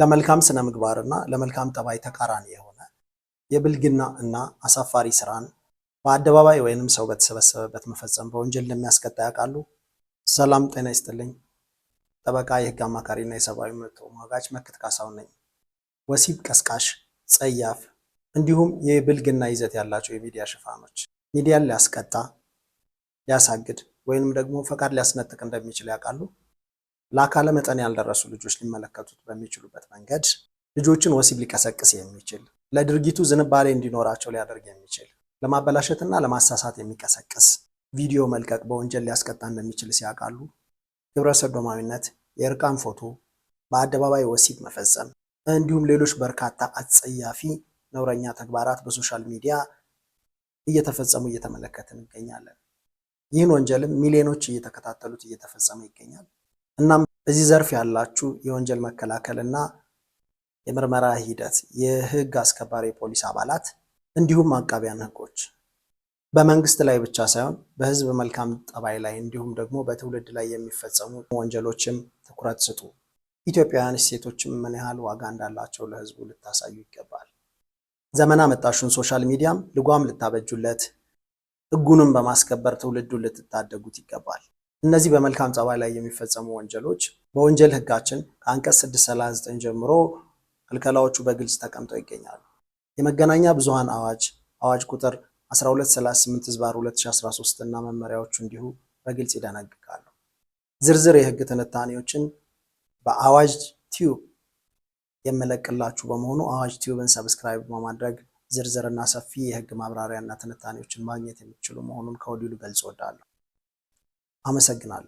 ለመልካም ስነ ምግባርና ለመልካም ጠባይ ተቃራኒ የሆነ የብልግና እና አሳፋሪ ስራን በአደባባይ ወይንም ሰው በተሰበሰበበት መፈጸም በወንጀል እንደሚያስቀጣ ያውቃሉ? ሰላም ጤና ይስጥልኝ። ጠበቃ የህግ አማካሪና የሰብአዊ መብት ተሟጋች መክት ካሳው ነኝ። ወሲብ ቀስቃሽ፣ ጸያፍ እንዲሁም የብልግና ይዘት ያላቸው የሚዲያ ሽፋኖች ሚዲያን ሊያስቀጣ ሊያሳግድ ወይንም ደግሞ ፈቃድ ሊያስነጥቅ እንደሚችል ያውቃሉ? ለአካለ መጠን ያልደረሱ ልጆች ሊመለከቱት በሚችሉበት መንገድ ልጆችን ወሲብ ሊቀሰቅስ የሚችል ለድርጊቱ ዝንባሌ እንዲኖራቸው ሊያደርግ የሚችል ለማበላሸትና ለማሳሳት የሚቀሰቅስ ቪዲዮ መልቀቅ በወንጀል ሊያስቀጣ እንደሚችል ሲያውቃሉ፣ ግብረ ሰዶማዊነት፣ የእርቃን ፎቶ፣ በአደባባይ ወሲብ መፈጸም እንዲሁም ሌሎች በርካታ አጸያፊ ነውረኛ ተግባራት በሶሻል ሚዲያ እየተፈጸሙ እየተመለከትን እንገኛለን። ይህን ወንጀልም ሚሊዮኖች እየተከታተሉት እየተፈጸመ ይገኛል። እናም በዚህ ዘርፍ ያላችሁ የወንጀል መከላከል እና የምርመራ ሂደት የህግ አስከባሪ የፖሊስ አባላት እንዲሁም አቃቢያን ህጎች በመንግስት ላይ ብቻ ሳይሆን በህዝብ መልካም ጠባይ ላይ እንዲሁም ደግሞ በትውልድ ላይ የሚፈጸሙ ወንጀሎችም ትኩረት ስጡ። ኢትዮጵያውያን እሴቶችም ምን ያህል ዋጋ እንዳላቸው ለህዝቡ ልታሳዩ ይገባል። ዘመን አመጣሹን ሶሻል ሚዲያም ልጓም ልታበጁለት፣ ህጉንም በማስከበር ትውልዱን ልትታደጉት ይገባል። እነዚህ በመልካም ጸባይ ላይ የሚፈጸሙ ወንጀሎች በወንጀል ህጋችን ከአንቀጽ 639 ጀምሮ ክልከላዎቹ በግልጽ ተቀምጠው ይገኛሉ። የመገናኛ ብዙሃን አዋጅ አዋጅ ቁጥር 1238 ህዝባር 2013 እና መመሪያዎቹ እንዲሁ በግልጽ ይደነግጋሉ። ዝርዝር የህግ ትንታኔዎችን በአዋጅ ቲዩብ የመለቅላችሁ በመሆኑ አዋጅ ቲዩብን ሰብስክራይብ በማድረግ ዝርዝርና ሰፊ የህግ ማብራሪያና ትንታኔዎችን ማግኘት የሚችሉ መሆኑን ከወዲሁ ልገልጽ እወዳለሁ። አመሰግናለሁ።